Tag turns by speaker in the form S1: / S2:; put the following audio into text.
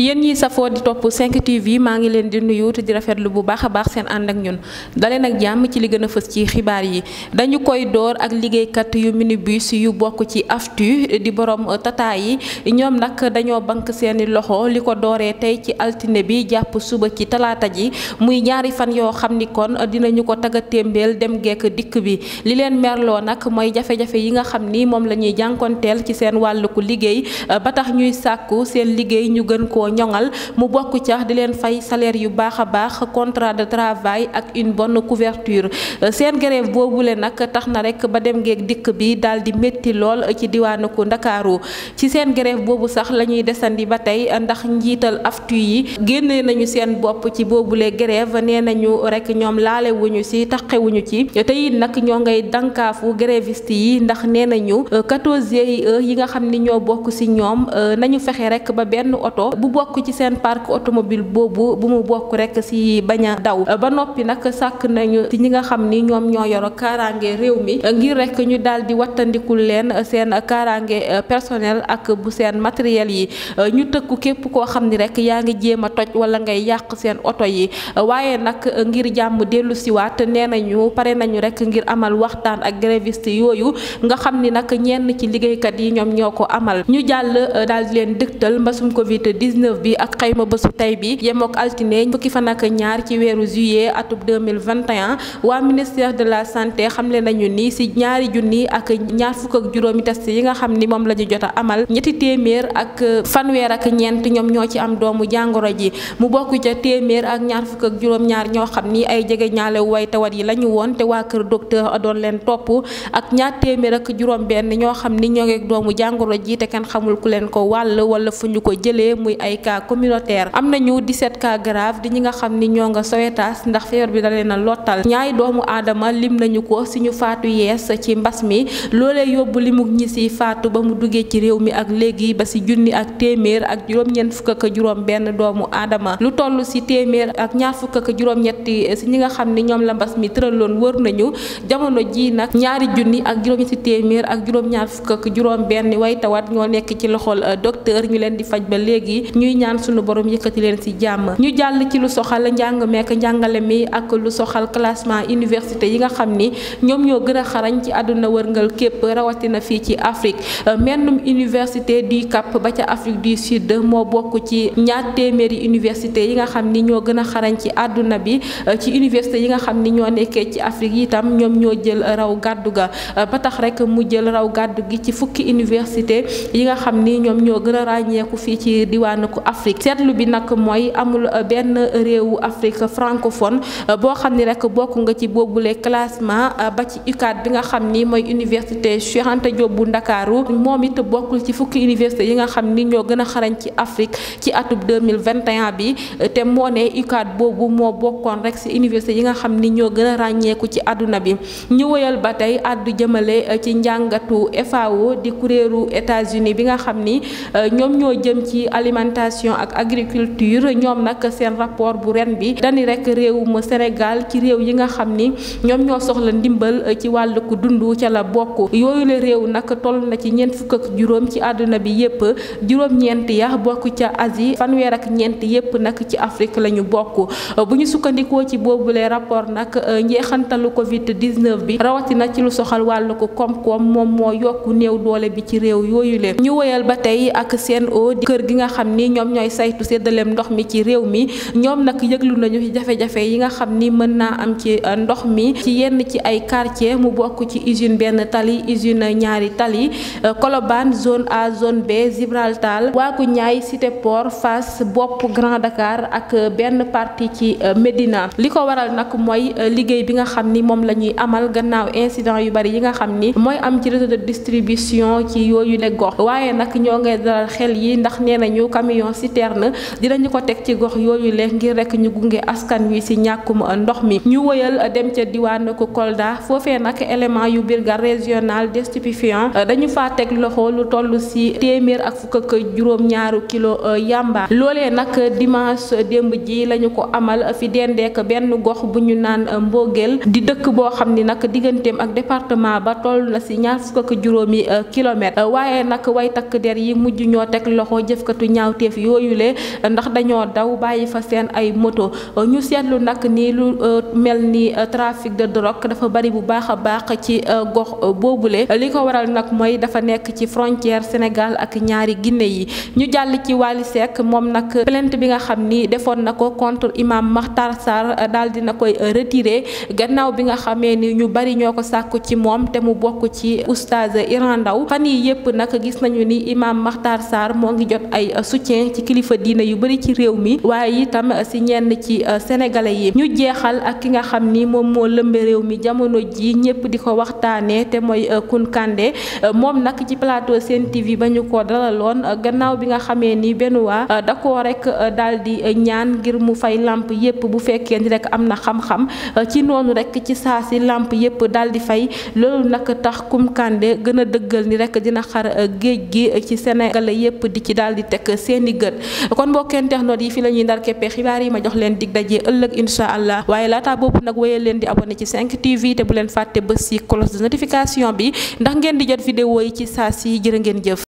S1: yéen ñi safoo di topp 5 TV maa ngi leen di nuyu te di rafetlu bu baax a baax seen ànd ak ñun daleen ak jàmm ci li gën a fës ci xibaar yi dañu koy door ak liggéeykat yu minibus yu bokk ci aftu di borom tata yi ñoom nag dañoo bank seeni loxo li ko dooree tey ci altine bi jàpp suba ci talaata ji muy ñaari fan yoo xam ni kon dinañu ko taga témbeel dem gekk dikk bi li leen merloo nag mooy jafe-jafe yi nga xam ni moom la ñuy jànkonteel ci seen wàllu liggéey seen liggéey ñu gën koo ñoŋal mu bokk ca di leen fay salaire yu baax a baax contrat de travail ak une bonne couverture euh, seen boobu lee nag tax na rek ba dem ngeeg dikk bi daal di métti lool ci diwaanu ko Ndakaaru ci seen grève boobu sax la ñuy desandi ba tey ndax njiital aftu yi génnee nañu seen bopp ci boobule grève nee nañu rek ñoom laalewuñu si taqewuñu ci te it nag ñoo ngay dankaafu gréviste yi ndax nee nañu 14 euh, GIE euh, yi nga xam ni ñoo bokk si ñoom nañu bokk ci sen parc automobile bobu bu mu bokk rek ci dau daw ba nopi nak sak nañu ci ñi nga xamni ñom ñoom ñoo yoro karange réew mi ngir rek ñu daldi di len sen karange personnel ak bu sen matériel yi ñu tekk kepp ko xamni rek toj wala ngay yàq sen auto yi waye nak ngir jamm delu ci wat nenañu pare nañu rek ngir amal waxtaan ak gréviste yoyu nga xamni nak nag ñenn ci kat yi ñom ñoko amal ñu jall dal di leen dëgtal mbasum covid 19 2019 bi ak xayma bésu tay bi yemok altiné fukki fanaka ñaar ci wéru juillet atub 2021 wa ministère de la santé xamlé nañu ni si ñaari junni ak ñaar fuk ak juroomi test yi nga xamni mom lañu jotta amal ñetti témèr ak fanweer ak ñent ñom ñoo ci am doomu jangoro ji mu bokku ci témèr ak ñaar fuk ak juroom ñaar ño xamni ay jégué ñaalé way tawat yi lañu won té wa kër docteur adon len top ak ñaar témèr ak juroom ben ño xamni ño ngi ak doomu jangoro ji té kenn xamul ku len ko wal wala fuñu ko jëlé muy ay cas communautaire am nañu 17 cas grave di ñi nga xam ni ñoo nga Sowétas ndax feebar bi da leen a lottal ñaari doomu aadama lim nañu ko si ñu faatu yees ci mbas mi loolee yóbbu li mug ñi si faatu ba mu duggee ci réew mi ak léegi ba si junni ak téeméer ak juróom fukk ak doomu aadama lu toll si téeméer ak ñaar fukk ak ñetti si ñi nga xam ni ñoom la mbas mi tëraloon wër nañu jamono ji nag ñaari junni ak juróom-ñetti téeméer ak juróom-ñaar fukk ak juróom benn way ñoo nekk ci loxol docteur ñu leen di faj ba léegi ñuy ñaan suñu borom yëkëti leen ci jamm ñu jall ci lu soxal njàng mekk njàngale mi ak lu soxal classement université yi nga xamni ñom ñoo gëna xarañ ci aduna wërngal képp na fi ci afrique mennum université du cap ba ca afrique du sud mo bokku ci ñaar téméri université yi nga xamni ñoo gëna xarañ ci aduna bi ci université yi nga xamni ñoo nekké ci afrique tam ñom ñoo jël raw gaddu ga ba tax rek mu jël raw gaddu gi ci fukki université yi nga xamni ñom ñoo gëna a ci penku Afrique seetlu bi nag mooy amul euh, benn réewu Afrique francophone euh, boo xam ni rek bokk nga ci boobule classement euh, ba ci UCAD bi nga xam ni mooy université Cheikh Anta bu Ndakaaru moom it bokkul ci fukki université yi nga xam ni ñoo gën a xarañ ci Afrique ci atub 2021 bi te moo ne UCAD boobu moo bokkoon rek si université yi nga xam ni ñoo gën a ràññeeku ci àdduna bi ñu woyal ba tey àddu jëmale ci njàngatu FAO di kuréelu États-Unis bi nga xam ni ñoom ñoo jëm ci alimentation alimentation ak agriculture ñoom nag seen rapport bu ren bi dani rek réewum Sénégal ci réew yi nga xam ni ñoom ñoo soxla ndimbal eh, ci wàllu ko dund ca la bokk yooyu la réew nag toll na ci ñeent fukk ak juróom ci àdduna bi yépp juróom-ñeent ya bokk ca Asie fanweer ak ñeent yépp nag ci Afrique lañu bokk eh, bu ñu sukkandikoo ci boobule rapport nag eh, njeexantalu Covid 19 bi rawatina ci lu soxal wàll ko koom-koom moom moo yokk néew doole bi ci réew yooyu leen ñu woyal ni ñoom ñooy saytu séddaleem ndox mi ci réew mi ñoom nag yëglu nañu ci jafe-jafe yi nga xam ni mën naa am ci euh, ndox mi ci yenn ci ay quartier mu bokk ci usine benn tali usine ñaari tali euh, Colobane zone A zone B Gibraltar waagu ñaay cité port Fass bopp Grand dacar ak euh, benn partie ci Médina li ko waral nak mooy liggéey bi nga xam ni moom la ñuy amal gannaaw incident yu bari yi nga xam ni mooy am ci réseau de distribution ci yooyu ne gox waaye nag ñoo ngay dalal camion citerne dinañ ko tek ci gox yoyu le ngir rek ñu gunge askan wi ci ñakuma euh, ndox mi ñu wëyal euh, dem ci diwan ko kolda fofé nak élément yu brigade régional des stupéfiants euh, dañu fa tek loxo lu tollu si témir ak fuk ak juroom ñaaru kilo yamba lolé nak dimanche demb ji lañu ko amal fi dendeek benn gox bu ñu naan mbogel di dëkk bo xamni nak digëntem ak département ba tollu la ci ñaar fuk ak juroomi kilomètre wayé nak way tak der yi mujj ñoo tek loxo jëfkatu ñaawte ñaawteef yooyule ndax dañoo daw bàyyi fa seen ay moto ñu seetlu nag ni lu euh, mel ni euh, trafic de drogue dafa bari bu baax a baax ci euh, gox boobule li ko waral nag mooy dafa nekk ci frontière Sénégal ak ñaari Guinée yi ñu jàll ci Wally Seck moom nag plainte bi nga xam ni defoon na ko contre imam Makhtar Sarr daal dina koy retire gannaaw bi nga xamee ni ñu bari ñoo ko sàkk ci moom te mu bokk ci oustaz Iran Ndaw fan yi yëpp nag gis nañu ni imam Makhtar Sarr moo ngi citoyen ci kilifa diina yu bari ci réew mi waye itam ci eh, ñenn ci eh, sénégalais yi ñu jéxal ak ki nga xamni mom mo lembe mi jamono ji ñepp di ko té moy mooy eh, kunkande mom nak ci plateau Sen tv bañu ko dalalon gannaaw bi nga xamé ni benua dako rek daldi di ñaan ngir mu fay lamp yépp bu fekkee ni rek amna xam-xam ci nonu rek ci saasi lamp yépp daldi fay loolu nak tax kunkande Kandé gëna deggal ni rek dina xar geej gi ci sénégalais yépp di ci daldi tek Sen seeni gët kon mbokkeen technot yi fi la ñuy xibaar yi ma jox leen dig dajee ëllëg incha allah waaye laata boobu nag wéyal leen di abonné ci 5 TV te bu leen fàtte bës si cloche de notification bi ndax ngeen di jot vidéo yi ci saa si jërë ngeen jëf